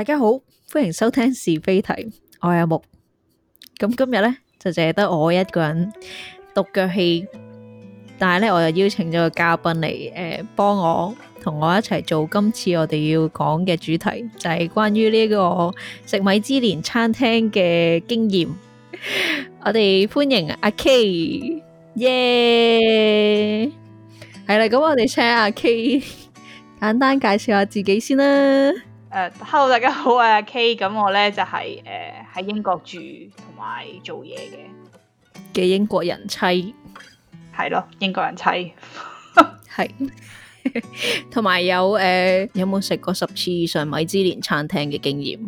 大家好，歡迎收聽是非題，我係阿木。咁今日咧，就淨係得我一個人獨腳戲，但係咧，我又邀請咗個嘉賓嚟，誒，幫我，同我一齊做今次我哋要講嘅主題，就係關於呢個食米芝蓮餐廳嘅經驗。我哋歡迎阿 K，耶，係啦。咁我哋請阿 K 簡單介紹下自己先啦。誒，hello，大家好啊，Kay，咁我咧就係誒喺英國住同埋做嘢嘅嘅英國人妻，係咯， 英國人妻，係， 同埋有誒，有冇食過十次以上米芝蓮餐廳嘅經驗？誒、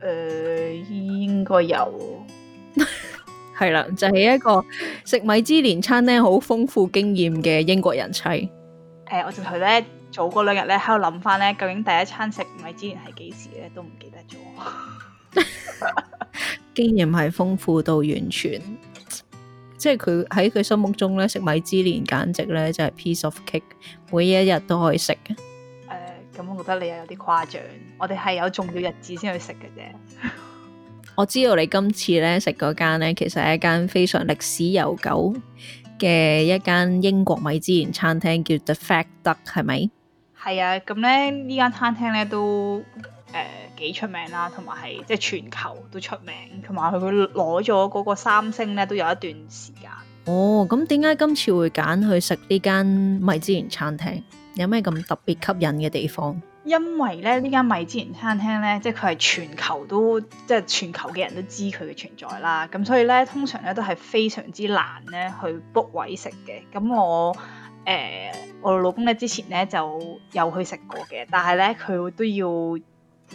呃，應該有，係啦， 就係、是、一個食米芝蓮餐廳好豐富經驗嘅英國人妻，係、欸，我就佢咧。早嗰兩日咧喺度諗翻咧，究竟第一餐食米芝蓮係幾時咧，都唔記得咗。 經驗係豐富到完全，即係佢喺佢心目中咧，食米芝蓮簡直咧就係、是、piece of cake，每一日都可以食嘅。咁、uh，我覺得你又有啲誇張。我哋係有重要日子先去食嘅啫。 我知道你今次咧食嗰間咧，其實係一間非常歷史悠久嘅一間英國米芝蓮餐廳，叫 The Fat Duck，係咪？係啊，咁咧呢間餐廳咧都誒幾出名啦，同埋係即係全球都出名，同埋佢攞咗嗰個三星咧都有一段時間。哦，咁點解今次會揀去食呢間米芝蓮餐廳？有咩咁特別吸引嘅地方？因為咧呢間米芝蓮餐廳咧，即係佢係全球都即係全球嘅人都知佢嘅存在啦。咁所以咧通常咧都係非常之難咧去 book 位食嘅。咁我。誒、呃，我老公咧之前咧就有去食過嘅，但係咧佢都要誒、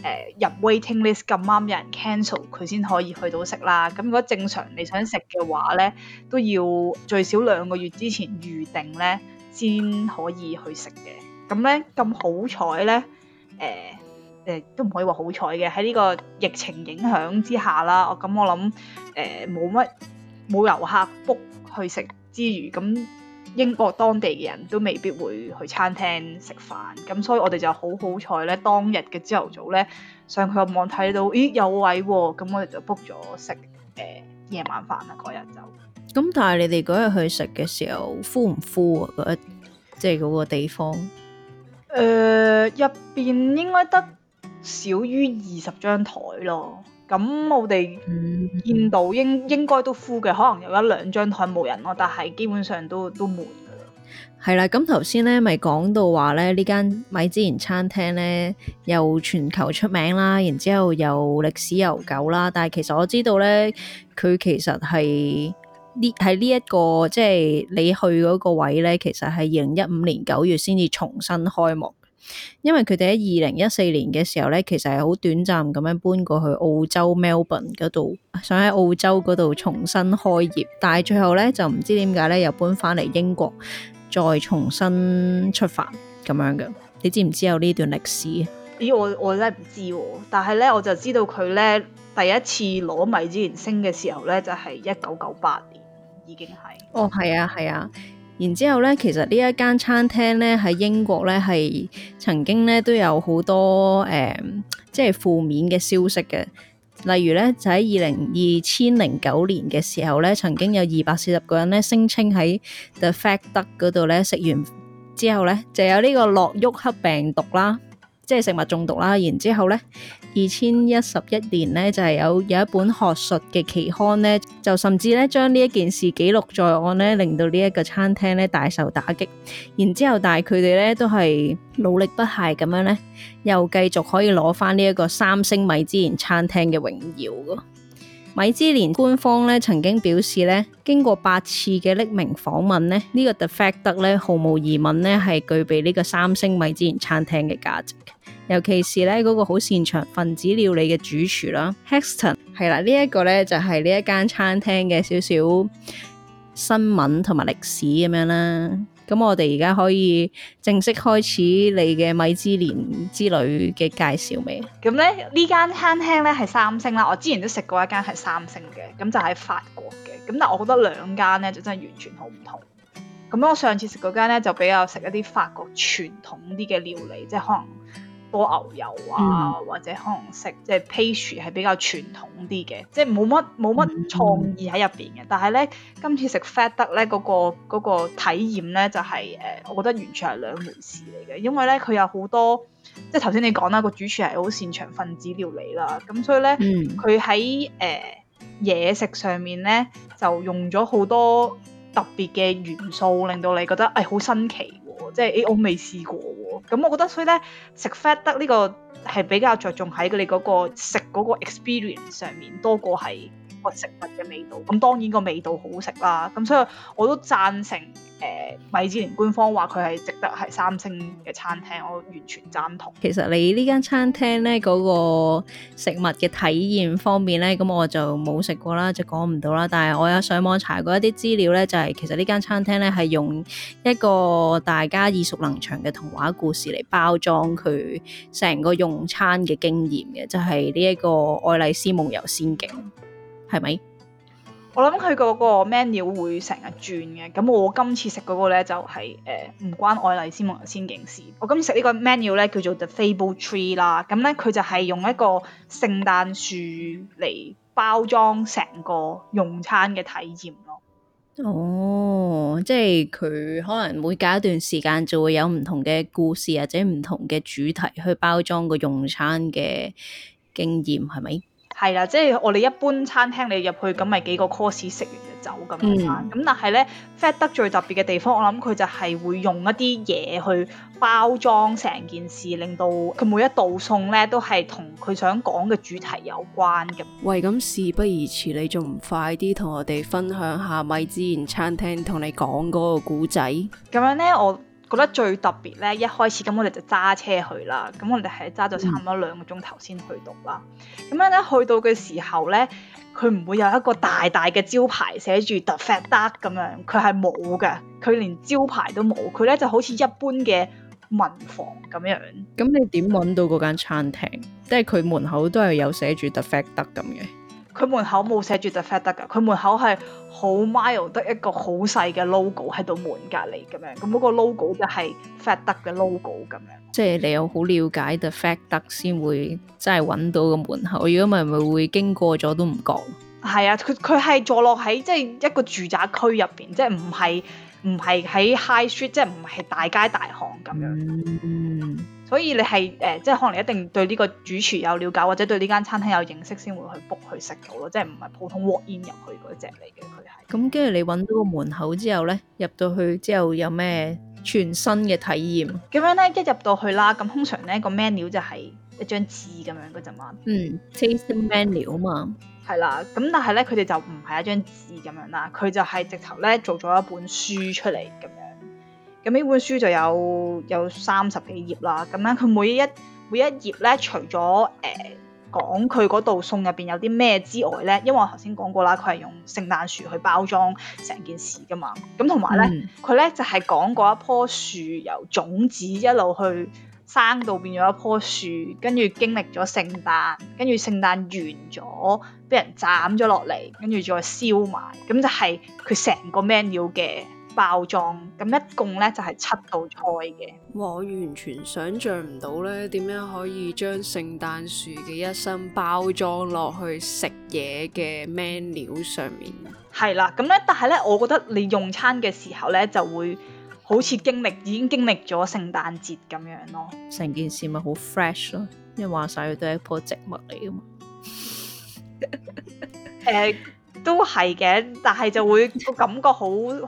呃、入 waiting list，咁啱有人 cancel 佢先可以去到食啦。咁、嗯、如果正常你想食嘅話咧，都要最少兩個月之前預定咧先可以去食嘅。咁咧咁好彩咧，誒、嗯、誒、呃呃呃、都唔可以話好彩嘅，喺呢個疫情影響之下啦。咁、哦嗯、我諗誒冇乜冇遊客 book 去食之餘，咁、嗯。嗯英國當地嘅人都未必會去餐廳食飯，咁所以我哋就好好彩呢當日嘅朝頭早呢，上佢個網睇到咦有位喎、哦，咁我哋就 book 咗食誒夜晚飯啦，嗰日就。咁、嗯、但係你哋嗰日去食嘅時候 full 唔 full 啊？嗰，即係嗰個地方？誒入邊應該得少於二十張台咯。咁我哋唔見到應應該都 full 嘅，可能有一兩張台冇人咯，但係基本上都都滿嘅咯。係啦，咁頭先咧咪講到話咧，呢間米芝蓮餐廳咧又全球出名啦，然之後又歷史悠久啦，但係其實我知道咧，佢其實係呢喺呢一個即係、就是、你去嗰個位咧，其實係二零一五年九月先至重新開幕。因為佢哋喺二零一四年嘅時候咧，其實係好短暫咁樣搬過去澳洲 Melbourne 嗰度，想喺澳洲嗰度重新開業，但係最後咧就唔知點解咧又搬翻嚟英國，再重新出發咁樣嘅。你知唔知有呢段歷史？咦，我我真係唔知喎、啊，但係咧我就知道佢咧第一次攞米芝蓮星嘅時候咧就係一九九八年，已經係。哦，係啊，係啊。然之後咧，其實一呢一間餐廳咧喺英國咧係曾經咧都有好多誒、嗯，即係負面嘅消息嘅。例如咧，就喺二零二千零九年嘅時候咧，曾經有二百四十個人咧聲稱喺 The Fat Duck 嗰度咧食完之後咧，就有呢個諾沃克病毒啦，即係食物中毒啦。然之後咧。二千一十一年咧，就係、是、有有一本學術嘅期刊咧，就甚至咧將呢一件事記錄在案咧，令到呢一個餐廳咧大受打擊。然之後，但係佢哋咧都係努力不懈咁樣咧，又繼續可以攞翻呢一個三星米芝蓮餐廳嘅榮耀噶。米芝蓮官方咧曾經表示咧，經過八次嘅匿名訪問咧，呢、這個 The Fat Duck 咧毫無疑問咧係具備呢個三星米芝蓮餐廳嘅價值。尤其是咧嗰個好擅長分子料理嘅主廚啦，Heston 係啦，呢、這個、一個咧就係呢一間餐廳嘅少少新聞同埋歷史咁樣啦。咁我哋而家可以正式開始你嘅米芝蓮之旅嘅介紹未？咁咧呢間餐廳咧係三星啦。我之前都食過一間係三星嘅，咁就喺法國嘅。咁但係我覺得兩間咧就真係完全好唔同。咁我上次食嗰間咧就比較食一啲法國傳統啲嘅料理，即係可能，多牛油啊，嗯、或者可能食即係、就是、pastry 係比較傳統啲嘅，即係冇乜冇乜創意喺入邊嘅。嗯、但係咧，今次食 Fat Duck 咧嗰個嗰、嗰個體驗咧就係、是、誒、呃、我覺得完全係兩回事嚟嘅，因為咧佢有好多即係頭先你講啦，個主廚係好擅長分子料理啦，咁所以咧佢喺誒嘢食上面咧就用咗好多特別嘅元素，令到你覺得誒好、哎、新奇、哦、即係誒、欸、我未試過。咁我覺得，所以咧食 fat 得呢，這個係比較着重喺你哋嗰個食嗰個 experience 上面多過係，個食物嘅味道咁，當然個味道好食啦。咁所以我都贊成誒、呃、米芝蓮官方話佢係值得係三星嘅餐廳，我完全贊同。其實你呢間餐廳咧嗰、那個食物嘅體驗方面咧，咁我就冇食過啦，就講唔到啦。但係我有上網查過一啲資料咧，就係、是、其實呢間餐廳咧係用一個大家耳熟能詳嘅童話故事嚟包裝佢成個用餐嘅經驗嘅，就係呢一個愛麗絲夢遊仙境。係咪？我諗佢個個 menu 會成日轉嘅，咁我今次食嗰個咧就係誒、唔關愛麗絲夢遊仙境事。我今次食呢個 menu 咧叫做 The Fable Tree 啦，咁咧佢就係用一個聖誕樹嚟包裝成個用餐嘅體驗咯。哦，即係佢可能每隔一段時間就會有唔同嘅故事或者唔同嘅主題去包裝個用餐嘅經驗，係咪？係啦，即係我哋一般餐廳，你入去咁咪幾個 course 食完就走咁樣咁、嗯、但係呢，Fat 得最特別嘅地方，我諗佢就係會用一啲嘢去包裝成件事，令到佢每一道餸呢都係同佢想講嘅主題有關嘅。喂，咁事不宜遲，你仲唔快啲同我哋分享下米芝蓮餐廳同你講嗰個故仔？咁樣呢，我覺得最特別咧，一開始咁我哋就揸車去啦，咁我哋係揸咗差唔多兩個鐘頭先去到啦。咁、嗯、樣咧，去到嘅時候咧，佢唔會有一個大大嘅招牌寫住 The Fat Duck 咁樣，佢係冇嘅，佢連招牌都冇，佢咧就好似一般嘅民房咁樣。咁你點揾到嗰間餐廳？即係佢門口都係有寫住 The Fat Duck 咁嘅。佢門口冇寫住 The Fat Duck 㗎，佢門口係好 mile 得一個好細嘅 logo 喺度門隔離咁樣，咁嗰個 logo 就係 Fat Duck 嘅 logo 咁樣。即係你有好了解 The Fat Duck 先會真係揾到個門口，如果唔係咪會經過咗都唔覺。係啊，佢佢係坐落喺即係一個住宅區入邊，即係唔係唔係喺 high street，即係唔係大街大巷咁樣。嗯。所以你係誒、呃，即係可能你一定對呢個主廚有了解，或者對呢間餐廳有認識，先會去 book 去食到咯，即係唔係普通 walk in 入去嗰隻嚟嘅佢。咁跟住你揾到個門口之後呢，入到去之後有咩全新嘅體驗？咁樣呢，一入到去啦，咁通常呢個 menu 就係一張紙咁樣嗰陣嘛。嗯，taste menu 啊嘛，係啦。咁但係呢，佢哋就唔係一張紙咁樣啦，佢就係直頭呢做咗一本書出嚟咁。咁呢本書就有有三十幾頁啦，咁咧佢每一每一頁咧，除咗誒、呃、講佢嗰道餸入邊有啲咩之外咧，因為我頭先講過啦，佢係用聖誕樹去包裝成件事㗎嘛，咁同埋咧，佢咧、嗯、就係、是、講過一棵樹由種子一路去生到變咗一棵樹，跟住經歷咗聖誕，跟住聖誕完咗，俾人斬咗落嚟，跟住再燒埋，咁就係佢成個 menu 嘅。包裝咁一共咧就係七道菜嘅。哇！我完全想象唔到咧，點樣可以將聖誕樹嘅一生包裝落去食嘢嘅 menu 上面。係啦，咁咧，但係咧，我覺得你用餐嘅時候咧，就會好似經歷已經經歷咗聖誕節咁樣咯。成件事咪好 fresh 咯，因為話晒佢都係一棵植物嚟噶嘛。egg 都係嘅，但係就會個感覺好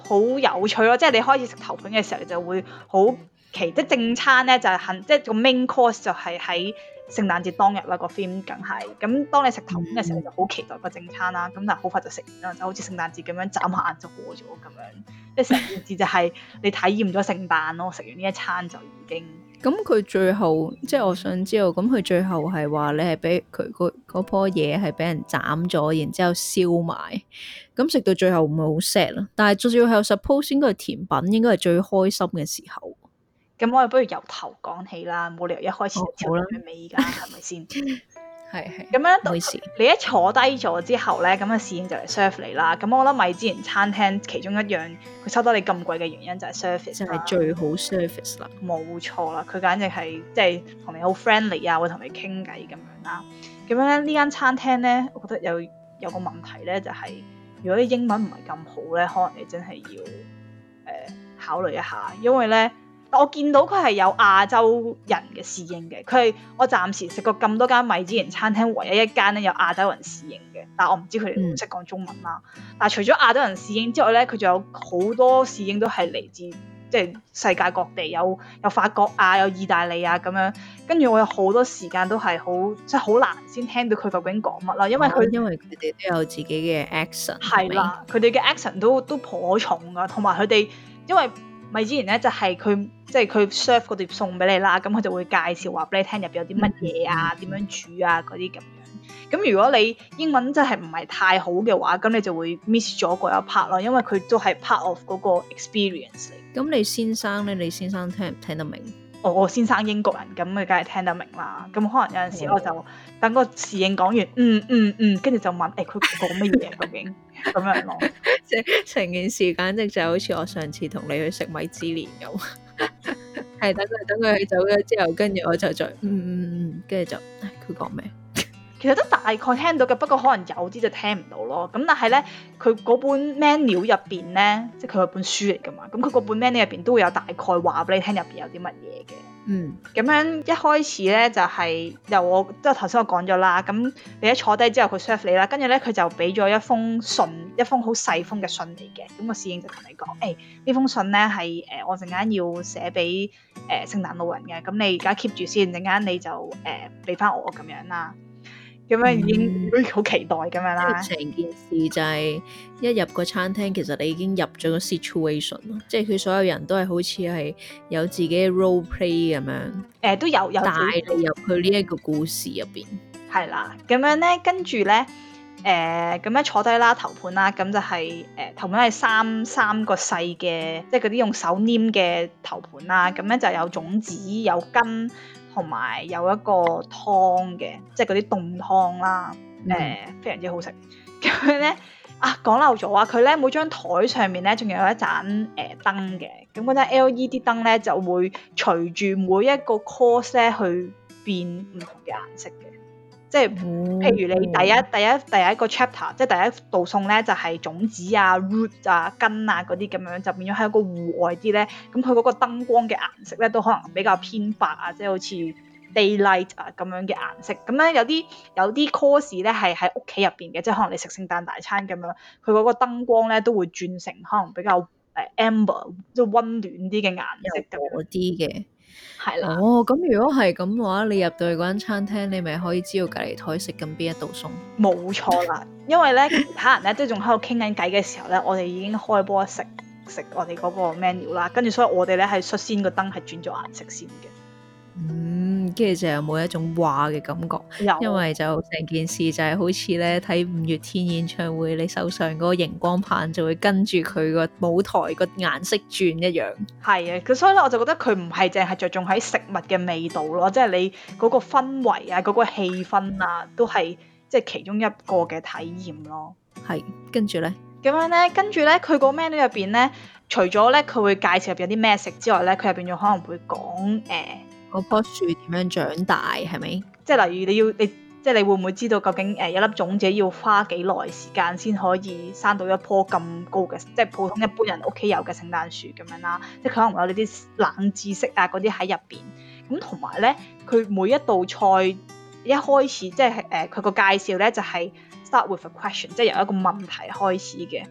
好有趣咯、哦。即係你開始食頭盤嘅時候，你就會好期。嗯、即正餐咧，就係、是、肯即係個 main course 就係喺聖誕節當日啦。那個 film 梗係咁。當你食頭盤嘅時候，就好期待個正餐啦。咁但係好快就食完啦，就好似聖誕節咁樣眨下眼就過咗咁樣。即係聖誕節就係你體驗咗聖誕咯。食完呢一餐就已經。咁佢最後即係我想知道，咁佢最後係話你係俾佢嗰嗰棵嘢係俾人斬咗，然之後燒埋，咁食到最後唔係好 sad 啦。但係最後，suppose 應該係甜品，應該係最開心嘅時候。咁我哋不如由頭講起啦，冇理由一開始就跳到尾㗎，係咪先？ 係係，咁 樣都你一坐低咗之後咧，咁嘅侍應就嚟 serve 你啦。咁我覺得米芝蓮餐廳其中一樣佢收得你咁貴嘅原因就係 service 啦，即係最好 service 啦。冇錯啦，佢簡直係即係同你好 friendly 啊，會同你傾偈咁樣啦。咁樣咧，呢間餐廳咧，我覺得有有個問題咧，就係、是、如果啲英文唔係咁好咧，可能你真係要誒、呃、考慮一下，因為咧。我見到佢係有亞洲人嘅侍應嘅，佢係我暫時食過咁多間米芝蓮餐廳，唯一一間咧有亞洲人侍應嘅。但係我唔知佢哋唔識講中文啦。嗯、但係除咗亞洲人侍應之外咧，佢仲有好多侍應都係嚟自即係世界各地，有有法國啊，有意大利啊咁樣。跟住我有好多時間都係好即係好難先聽到佢究竟講乜啦，因為佢因為佢哋都有自己嘅 accent，係啦，佢哋嘅 accent 都都頗重噶，同埋佢哋因為。咪之前咧就係、是、佢即係佢 serve 嗰碟餸俾你啦，咁佢就會介紹話俾你聽入邊有啲乜嘢啊，點樣煮啊嗰啲咁樣。咁如果你英文真係唔係太好嘅話，咁你就會 miss 咗嗰一 part 咯，因為佢都係 part of 嗰個 experience。嚟、嗯。咁你先生咧，你先生聽唔聽得明？我先生英國人，咁佢梗係聽得明啦。咁可能有陣時我就等個侍應講完，嗯嗯嗯，跟住就問，誒佢講乜嘢究竟？咁 樣咯，即係成件事，簡直就好似我上次同你去食米芝蓮咁，係 等佢等佢走咗之後，跟住我就再嗯嗯嗯，跟住就誒佢講咩？其實都大概聽到嘅，不過可能有啲就聽唔到咯。咁但係咧，佢嗰本 menu 入邊咧，即係佢係本書嚟噶嘛。咁佢嗰本 menu 入邊都會有大概話俾你聽，入邊有啲乜嘢嘅。嗯，咁樣一開始咧就係、是、由我即係頭先我講咗啦。咁你一坐低之後，佢 serve 你啦，跟住咧佢就俾咗一封信，一封好細封嘅信嚟嘅。咁個侍應就同你講：誒、欸、呢封信咧係誒我陣間要寫俾誒聖誕老人嘅，咁你而家 keep 住先，陣間你就誒俾翻我咁樣啦。咁樣已經好期待咁、嗯、樣啦！成件事就係、是、一入個餐廳，其實你已經入咗個 situation 咯，即係佢所有人都係好似係有自己 role play 咁樣。誒、呃，都有有帶你入去呢一個故事入邊。係啦、呃，咁樣咧，跟住咧，誒、呃，咁樣坐低啦，頭盤啦，咁就係、是、誒、呃、頭盤係三三個細嘅，即係嗰啲用手黏嘅頭盤啦，咁咧就有種子有根。同埋有一個湯嘅，即係啲凍湯啦，誒、mm. 呃、非常之好食。咁佢咧啊，講漏咗啊，佢咧每張台上面咧仲有一盞誒燈嘅，咁嗰盞 LED 燈咧就會隨住每一個 course 咧去變唔同嘅顏色嘅。即係譬如你第一、嗯、第一第一，第一個 chapter，即係第一道送咧，就係、是、種子啊、root 啊、根啊嗰啲咁樣，就變咗喺一個戶外啲咧。咁佢嗰個燈光嘅顏色咧，都可能比較偏白啊，即係好似 daylight 啊咁樣嘅顏色。咁咧有啲有啲 course 咧係喺屋企入邊嘅，即係可能你食聖誕大餐咁樣，佢嗰個燈光咧都會轉成可能比較誒 amber 即係溫暖啲嘅顏色咁嗰啲嘅。係啦，哦，咁如果係咁嘅話，你入到去嗰間餐廳，你咪可以知道隔籬台食緊邊一道餸？冇錯啦，因為咧 其他人咧都仲喺度傾緊偈嘅時候咧，我哋已經開波食食我哋嗰個 menu 啦，跟住所以我哋咧係率先個燈係轉咗顏色先嘅。嗯，跟住就有冇一種話嘅感覺？有因為就成件事就係好似咧睇五月天演唱會，你手上嗰個熒光棒就會跟住佢個舞台個顏色轉一樣。係啊，佢所以咧我就覺得佢唔係淨係着重喺食物嘅味道咯，即係你嗰個氛圍啊、嗰個氣氛啊，都係即係其中一個嘅體驗咯。係跟住咧咁樣咧，跟住咧佢個 menu 入邊咧，除咗咧佢會介紹入邊有啲咩食之外咧，佢入邊仲可能會講誒。呃嗰棵樹點樣長大係咪？即係例如你要你即係你會唔會知道究竟誒、呃、一粒種子要花幾耐時間先可以生到一棵咁高嘅，即係普通一般人屋企有嘅聖誕樹咁樣啦？即係佢可能有呢啲冷知識啊嗰啲喺入邊。咁同埋咧，佢每一道菜一開始即係誒佢個介紹咧就係、是、start with a question，即係由一個問題開始嘅。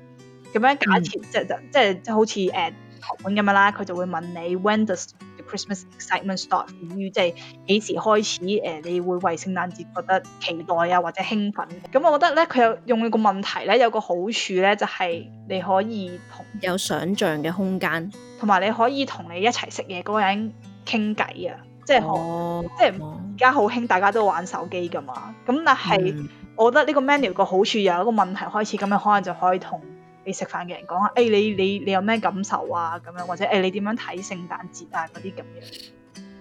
咁樣假設、嗯、即即即好似誒、呃、台灣咁樣啦，佢就會問你 when does、嗯 Christmas excitement start 於即係幾時開始？誒、呃，你會為聖誕節覺得期待啊，或者興奮？咁我覺得咧，佢有用呢個問題咧，有個好處咧，就係、是、你可以同有想像嘅空間，同埋你可以同你一齊食嘢嗰個人傾偈啊！即係，oh. 即係而家好興大家都玩手機㗎嘛？咁但係，mm. 我覺得呢個 menu 個好處又有一個問題開始，咁樣可能就可以同你食飯嘅人講啊，誒、哎，你你你有咩感受啊？咁樣或者誒、哎，你點樣睇聖誕節啊？嗰啲咁樣，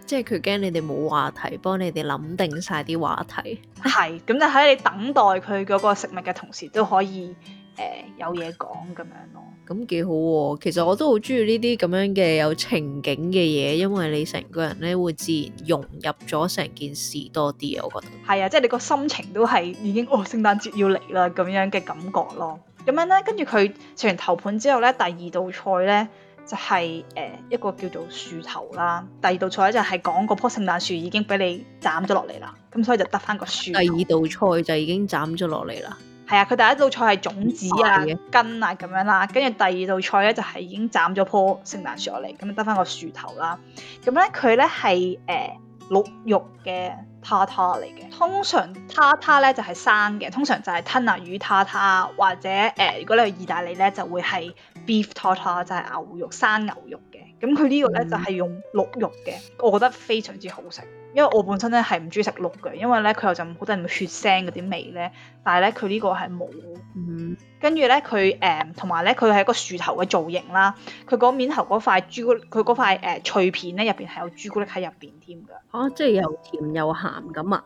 即係佢驚你哋冇話題，幫你哋諗定晒啲話題。係， 咁就喺你等待佢嗰個食物嘅同時，都可以誒、呃、有嘢講咁樣咯。咁幾好、啊，其實我都好中意呢啲咁樣嘅有情景嘅嘢，因為你成個人咧會自然融入咗成件事多啲啊！我覺得係啊，即係你個心情都係已經哦，聖誕節要嚟啦咁樣嘅感覺咯。咁樣咧，跟住佢食完頭盤之後咧，第二道菜咧就係、是、誒、呃、一個叫做樹頭啦。第二道菜咧就係、是、講嗰棵聖誕樹已經俾你斬咗落嚟啦，咁所以就得翻個樹。第二道菜就已經斬咗落嚟啦。係啊，佢第一道菜係種子啊、的根啊咁樣啦，跟住第二道菜咧就係、是、已經斬咗棵聖誕樹落嚟，咁得翻個樹頭啦。咁咧佢咧係誒。鹿肉嘅塔塔嚟嘅，通常塔塔咧就係生嘅，通常就係吞拿魚塔塔，或者誒、呃，如果你去意大利咧，就會係 beef 塔塔，就係牛肉生牛肉嘅。咁佢呢個咧就係用鹿肉嘅，我覺得非常之好食。因為我本身咧係唔中意食鹿嘅，因為咧佢有陣好多人血腥嗰啲味咧，但係咧佢呢個係冇，嗯、跟住咧佢誒同埋咧佢係一個樹頭嘅造型啦，佢嗰面頭嗰塊朱古力，佢嗰塊、呃、脆片咧入邊係有朱古力喺入邊添㗎。啊、哦哦哦哦，即係又甜又鹹咁啊？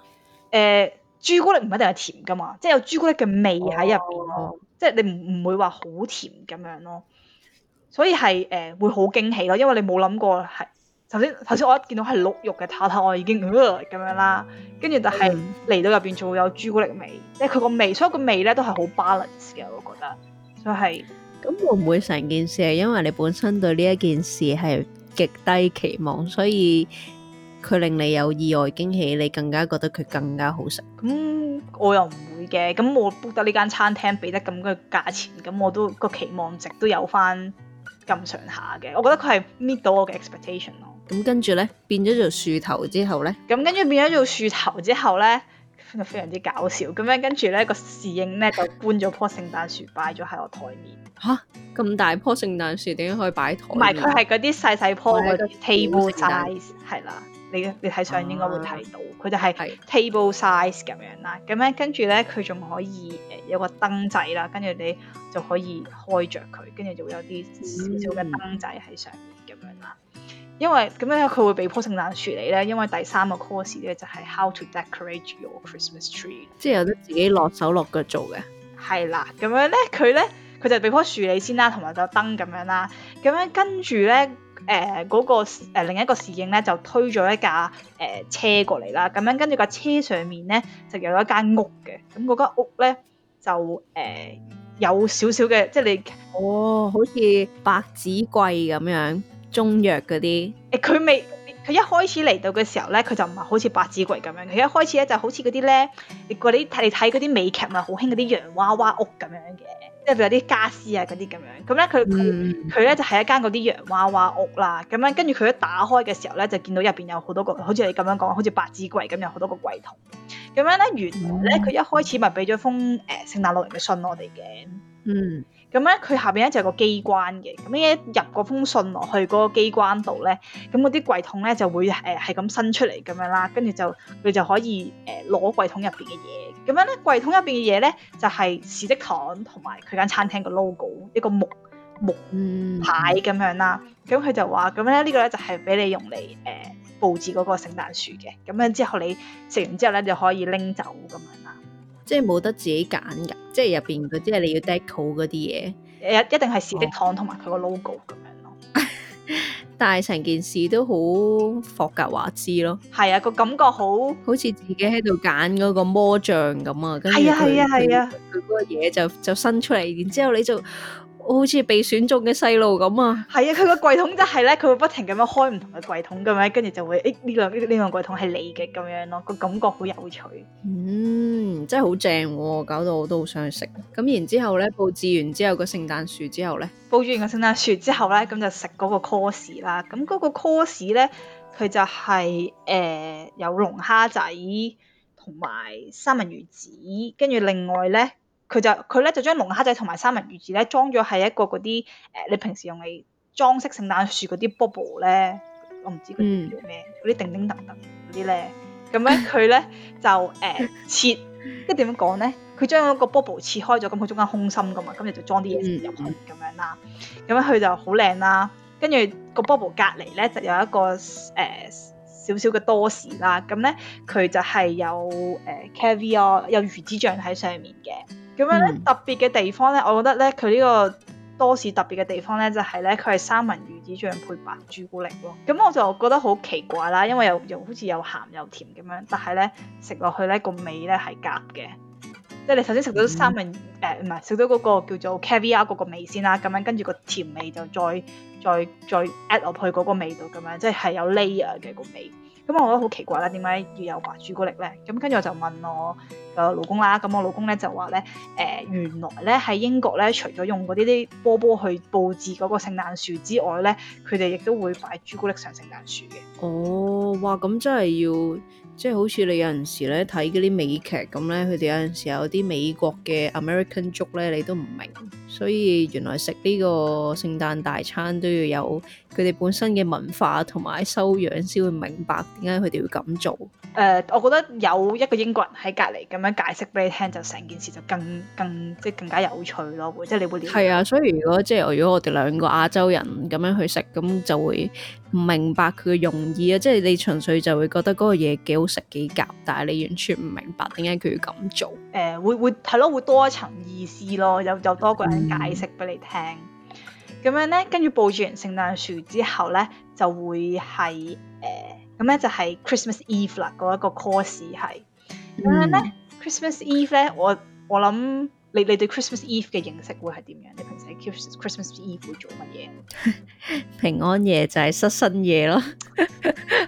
誒，朱古力唔一定係甜噶嘛，即係有朱古力嘅味喺入邊咯，即係你唔唔會話好甜咁樣咯，所以係誒、呃、會好驚喜咯，因為你冇諗過係。頭先頭先我一見到係鹿肉嘅塔塔，看看我已經咁、呃、樣啦。跟住但係嚟到入邊就會有朱古力味，即係佢個味，所以個味咧都係好 balance 嘅。我覺得，就係。咁會唔會成件事係因為你本身對呢一件事係極低期望，所以佢令你有意外驚喜，你更加覺得佢更加好食？咁、嗯、我又唔會嘅。咁、嗯、我 book 得呢間餐廳俾得咁嘅價錢，咁、嗯、我都個期望值都有翻咁上下嘅。我覺得佢係 meet 到我嘅 expectation 咯。咁跟住咧，變咗做樹頭之後咧，咁、嗯、跟住變咗做樹頭之後咧，就非常之搞笑。咁樣跟住咧，個侍應咧就搬咗棵聖誕樹擺咗喺我台面。嚇、啊！咁大棵聖誕樹點樣可以擺台？唔係，佢係嗰啲細細棵嗰、啊、table size，係、啊、啦。你你睇相應該會睇到，佢、啊、就係 table size 咁樣啦。咁樣跟住咧，佢仲可以誒有個燈仔啦，跟住你就可以開着佢，跟住就會有啲小小嘅燈仔喺上面咁樣啦。嗯因為咁樣咧，佢會俾棵聖誕樹你咧，因為第三個 course 咧就係 how to decorate your Christmas tree，即係有得自己落手落腳做嘅。係啦，咁樣咧，佢咧佢就俾棵樹你先啦，同埋就燈咁樣啦。咁樣跟住咧，誒嗰個誒另一個侍應咧就推咗一架誒車過嚟啦。咁樣跟住架車上面咧就有一間屋嘅。咁嗰間屋咧就誒有少少嘅，即係你哦，好似百子櫃咁樣。.中藥嗰啲，誒佢未佢一開始嚟到嘅時候咧，佢就唔係好似百子櫃咁樣，佢一開始咧就好似嗰啲咧，你睇你睇嗰啲美劇咪好興嗰啲洋娃娃屋咁樣嘅，即係仲有啲家私啊嗰啲咁樣，咁咧佢佢咧就係、是、一間嗰啲洋娃娃屋啦，咁樣跟住佢一打開嘅時候咧，就見到入邊有好多個，好似你咁樣講，好似百子櫃咁有好多個櫃桶，咁樣咧原來咧佢一開始咪俾咗封誒、呃、聖誕老人嘅信、啊、我哋嘅。嗯，咁咧佢下邊咧就有個機關嘅，咁一入嗰封信落去嗰個機關度咧，咁嗰啲櫃桶咧就會誒係咁伸出嚟咁樣啦，跟住就佢就可以誒攞、呃、櫃桶入邊嘅嘢，咁樣咧櫃桶入邊嘅嘢咧就係士的糖同埋佢間餐廳嘅 logo 一個木木牌咁樣啦，咁佢就話咁咧呢、呢個咧就係俾你用嚟誒佈置嗰個聖誕樹嘅，咁樣之後你食完之後咧就可以拎走咁樣啦。即係冇得自己揀嘅，即係入邊嗰啲係你要 deco 嗰啲嘢，一一定係士的湯同埋佢個 logo 咁、哦、樣咯。 但係成件事都好霍格華茲咯，係啊，個感覺好好似自己喺度揀嗰個魔杖咁啊，係係啊係啊，佢嗰、啊啊、個嘢就就伸出嚟，然之後你就。好似被選中嘅細路咁啊！係啊，佢個櫃桶就係咧，佢會不停咁樣開唔同嘅櫃桶嘅咩，跟住就會誒呢個呢個櫃桶係你嘅咁樣咯，個感覺好有趣。嗯，真係好正喎！搞到我都好想去食。咁然之後咧，佈置完之後個聖誕樹之後咧，佈置完個聖誕樹之後咧，咁就食嗰個 course 啦。咁、那、嗰個 course 咧，佢就係、是、誒、呃、有龍蝦仔同埋三文魚子，跟住另外咧。佢就佢咧就將龍蝦仔同埋三文魚子咧裝咗喺一個嗰啲誒你平時用嚟裝飾聖誕樹嗰啲 bubble 咧，我唔知佢叫咩，嗰啲、嗯、叮叮噹噹嗰啲咧，咁咧佢咧就誒、呃、切，即係點樣講咧？佢將嗰個 bubble 切開咗，咁佢中間空心噶嘛，咁你就裝啲嘢入去咁、嗯、樣，樣啦。咁樣佢就好靚啦。跟住個 bubble 隔籬咧就有一個誒少少嘅多士啦。咁咧佢就係有誒 caviar、呃、有魚子醬喺上面嘅。咁樣咧特別嘅地方咧，我覺得咧佢呢個多士特別嘅地方咧，就係咧佢係三文魚子醬配白朱古力咯。咁我就覺得好奇怪啦，因為又又好似又鹹又甜咁樣，但係咧食落去咧個味咧係夾嘅，即係你頭先食到三文魚誒唔係食到嗰個叫做 caviar 嗰個味先啦，咁樣跟住個甜味就再再再 add 落去嗰個味道咁樣，即係係有 layer 嘅個味。咁我覺得好奇怪啦，點解要有擺朱古力呢？咁跟住我就問我老公啦。咁我老公咧就話呢，誒、呃、原來呢喺英國呢，除咗用嗰啲啲波波去佈置嗰個聖誕樹之外呢，佢哋亦都會擺朱古力上聖誕樹嘅。哦，哇！咁真係要，即係好似你有陣時呢睇嗰啲美劇咁呢，佢哋有陣時有啲美國嘅 American joke 呢，你都唔明。所以原來食呢個聖誕大餐都要有。佢哋本身嘅文化同埋修養先會明白點解佢哋要咁做。誒、呃，我覺得有一個英國人喺隔離咁樣解釋俾你聽，就成件事就更更即係更加有趣咯。會即係你會係啊。所以如果即係如果我哋兩個亞洲人咁樣去食，咁就會唔明白佢嘅用意啊。即係你純粹就會覺得嗰個嘢幾好食幾夾，但係你完全唔明白點解佢要咁做。誒、呃，會會係咯、啊，會多一層意思咯。有有多個人解釋俾你聽。嗯咁樣咧，跟住布置完聖誕樹之後咧，就會係誒，咁咧，就係 Christmas Eve 啦。嗰一個 course 係咁樣咧。Christmas Eve 咧，我我諗你你對 Christmas Eve 嘅認識會係點樣？你平時喺 Christmas Eve 會做乜嘢？平安夜就係失身夜咯。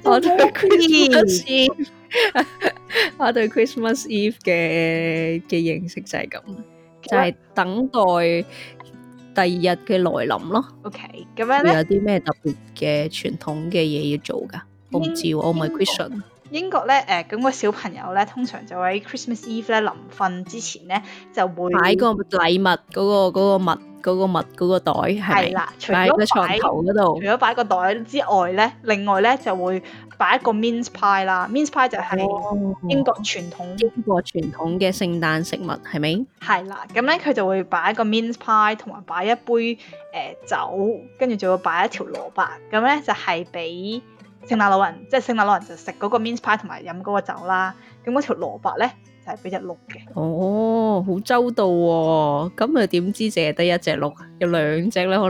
我對 Christmas Eve，我對 Christmas Eve 嘅嘅認識就係咁，就係等待。第二日嘅來臨咯，會、Okay, 有啲咩特別嘅傳統嘅嘢要做㗎、嗯？我唔知喎，我唔係 Christian。英國咧，誒、呃、咁、嗰個小朋友咧，通常就喺 Christmas Eve 咧臨瞓之前咧，就會擺個禮物嗰、嗰個嗰個物嗰、嗰個物嗰個袋係咪？係啦，除咗擺，擺個床頭嗰度，除咗擺個袋之外咧，另外咧就會擺一個 mince pie 啦，mince pie 就係英國傳統、哦哦、英國傳統嘅聖誕食物係咪？係啦，咁咧佢就會擺一個 mince pie，同埋擺一杯誒、呃、酒，跟住仲要擺一條蘿蔔，咁咧就係俾。聖誕老人，即係聖誕老人就食嗰個 mince pie 同埋飲嗰個酒啦，咁嗰條蘿蔔咧就係俾隻鹿嘅。哦，好周到喎、哦！咁啊，點知淨係得一隻鹿，有兩隻咧可能？誒，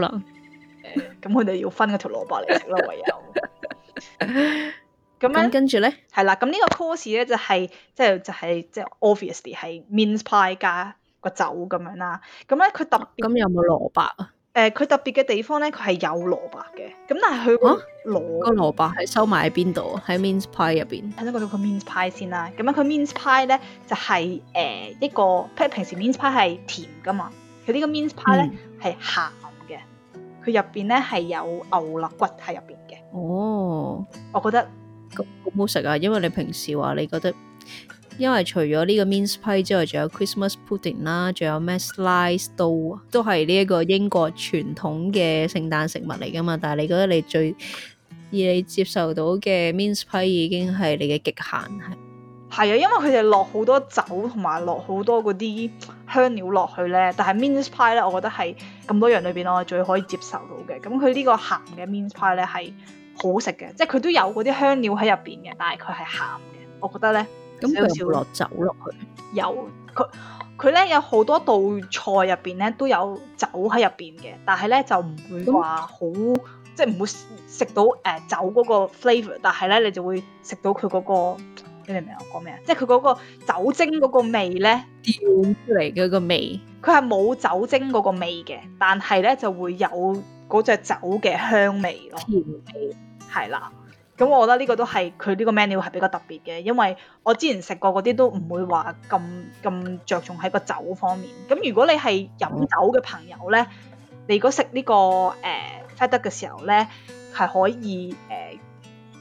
咁佢哋要分嗰條蘿蔔嚟食啦， 唯有。咁樣咯、嗯、跟住咧，係啦、嗯，咁、嗯、呢、嗯這個 course 咧就係即係就係即係 obviously 係 mince pie 加個酒咁樣啦。咁咧佢揼咁有冇蘿蔔啊？嗯誒，佢、呃、特別嘅地方咧，佢係有蘿蔔嘅。咁但係佢個蘿個蘿蔔係收埋喺邊度？喺蛤 mince pie 入邊。睇先佢度個 mince pie 先啦。咁樣佢 mince pie 咧就係、是、誒一個，即平時 mince pie 係甜噶嘛。佢呢個 mince pie 咧係鹹嘅。佢入邊咧係有牛肋骨喺入邊嘅。哦，我覺得咁好唔好食啊？因為你平時話你覺得。因為除咗呢個 mince pie 之外，仲有 Christmas pudding 啦，仲有咩 slice o 都都係呢一個英國傳統嘅聖誕食物嚟㗎嘛。但係你覺得你最而你接受到嘅 mince pie 已經係你嘅極限，係，係啊，因為佢哋落好多酒同埋落好多嗰啲香料落去咧。但係 mince pie 咧，我覺得係咁多樣裏邊我最可以接受到嘅。咁佢呢個鹹嘅 mince pie 咧係好食嘅，即係佢都有嗰啲香料喺入邊嘅，但係佢係鹹嘅。我覺得咧。有少少落酒落去，有佢佢咧有好多道菜入邊咧都有酒喺入邊嘅，但係咧就唔會話好，嗯、即係唔會食到誒、呃、酒嗰個 flavor，但係咧你就會食到佢嗰、嗰個，你明唔明我講咩啊？即係佢嗰個酒精嗰個味咧，調出嚟嗰個味，佢係冇酒精嗰個味嘅，但係咧就會有嗰隻酒嘅香味咯，甜味係啦。咁我覺得呢個都係佢呢個 menu 係比較特別嘅，因為我之前食過嗰啲都唔會話咁咁着重喺個酒方面。咁如果你係飲酒嘅朋友咧，你如果食呢、呢個誒、呃、fat 嘅時候咧，係可以誒、呃、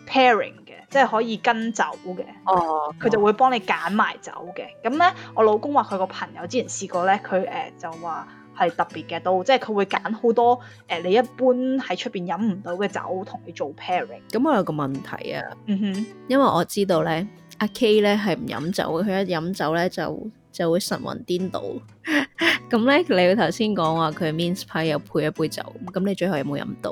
pairing 嘅，即係可以跟酒嘅。哦。佢就會幫你揀埋酒嘅。咁咧，我老公話佢個朋友之前試過咧，佢誒、呃、就話。係特別嘅，都即係佢會揀好多誒，你一般喺出邊飲唔到嘅酒，同你做 pairing。咁我有個問題啊，嗯哼，因為我知道咧，阿 Kay 咧係唔飲酒嘅，佢一飲酒咧就就會神魂顛倒。咁咧，你頭先講話佢 mince pie 又配一杯酒，咁你最後有冇飲到？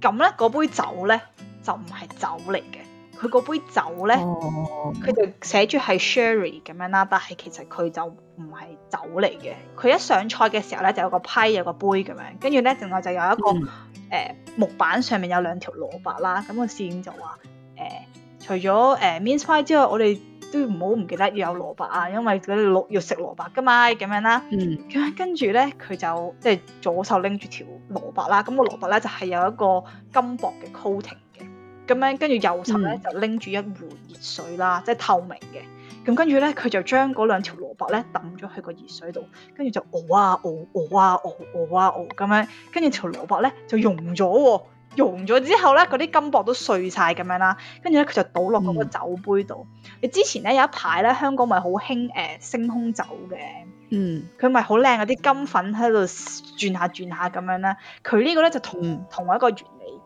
咁咧，嗰杯酒咧就唔係酒嚟嘅。佢嗰杯酒咧，佢、oh. 就寫住係 sherry 咁樣啦，但係其實佢就唔係酒嚟嘅。佢一上菜嘅時候咧，就有個批有個杯咁樣，跟住咧，另外就有一個誒、嗯呃、木板上面有兩條蘿蔔啦。咁、那個侍應就話誒、呃，除咗誒、呃、mince pie 之外，我哋都唔好唔記得要有蘿蔔啊，因為嗰啲蘿要食蘿蔔噶嘛，咁樣啦。咁跟住咧，佢就即係左手拎住條蘿蔔啦。咁、那個蘿蔔咧就係、是、有一個金箔嘅 coating。咁樣，跟住右手咧、嗯、就拎住一壺熱水啦，即係透明嘅。咁跟住咧，佢就將嗰兩條蘿蔔咧抌咗去個熱水度，跟住就熬、哦、啊熬、哦哦哦哦哦哦，熬啊熬，熬啊熬咁樣。跟住條蘿蔔咧就溶咗喎、哦，溶咗之後咧嗰啲金箔都碎晒咁樣啦。跟住咧，佢就倒落嗰個酒杯度。你、嗯、之前咧有一排咧香港咪好興誒星空酒嘅，嗯，佢咪好靚嗰啲金粉喺度轉下轉下咁樣啦。佢呢個咧就同同一個。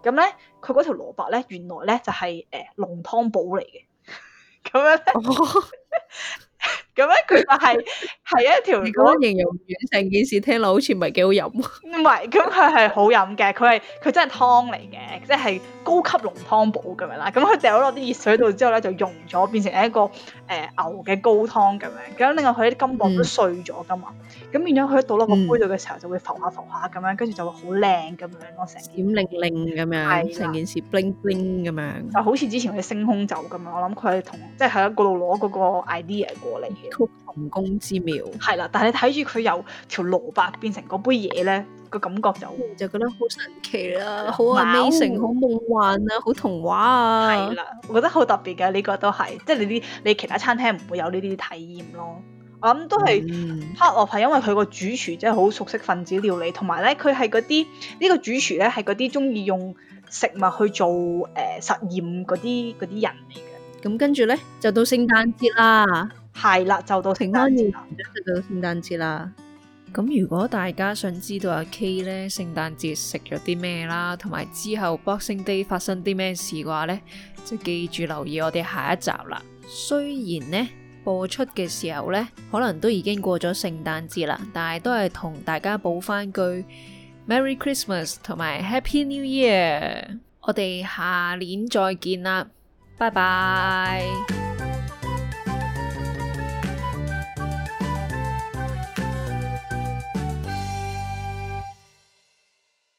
咁咧，佢嗰條蘿蔔咧，原來咧就係誒濃湯寶嚟嘅，咁、呃、 樣咧呢。 咁咧佢就係、是、係一條嗰、那個、形容完成件事聽落好似唔係幾好飲。唔係， 咁佢係好飲嘅，佢係佢真係湯嚟嘅，即係高級濃湯寶咁樣啦。咁佢掉落啲熱水度之後咧，就溶咗變成一個誒、呃、牛嘅高湯咁樣。咁另外佢啲金箔都碎咗噶嘛。咁、嗯、變咗，佢一倒落個杯度嘅時候就會浮下浮下咁樣，跟住就會好靚咁樣咯。成件閃靈靈咁樣，成件事 bling bling 咁樣。就好似之前嗰啲星空酒咁樣，我諗佢係同即係喺嗰度攞嗰個 idea 過嚟。同工之妙係啦，但係你睇住佢由條蘿蔔變成嗰杯嘢咧，個感覺就 就覺得好神奇啦、啊， 好美成、啊， 好夢幻啊，好童話啊。係啦，我覺得好特別嘅，你覺都係，即係你啲你其他餐廳唔會有呢啲體驗咯。我諗都係哈洛係因為佢個主廚真係好熟悉分子料理，同埋咧佢係嗰啲呢、這個主廚咧係嗰啲中意用食物去做誒、呃、實驗嗰啲啲人嚟嘅。咁跟住咧就到聖誕節啦。係啦，就到聖誕節啦，就到聖誕節啦。咁 如果大家想知道阿 K 咧，聖誕節食咗啲咩啦，同埋之後 Boxing Day 發生啲咩事嘅話呢，就記住留意我哋下一集啦。雖然呢播出嘅時候呢，可能都已經過咗聖誕節啦，但係都係同大家補翻句 Merry Christmas 同埋 Happy New Year。我哋下年再見啦，拜拜。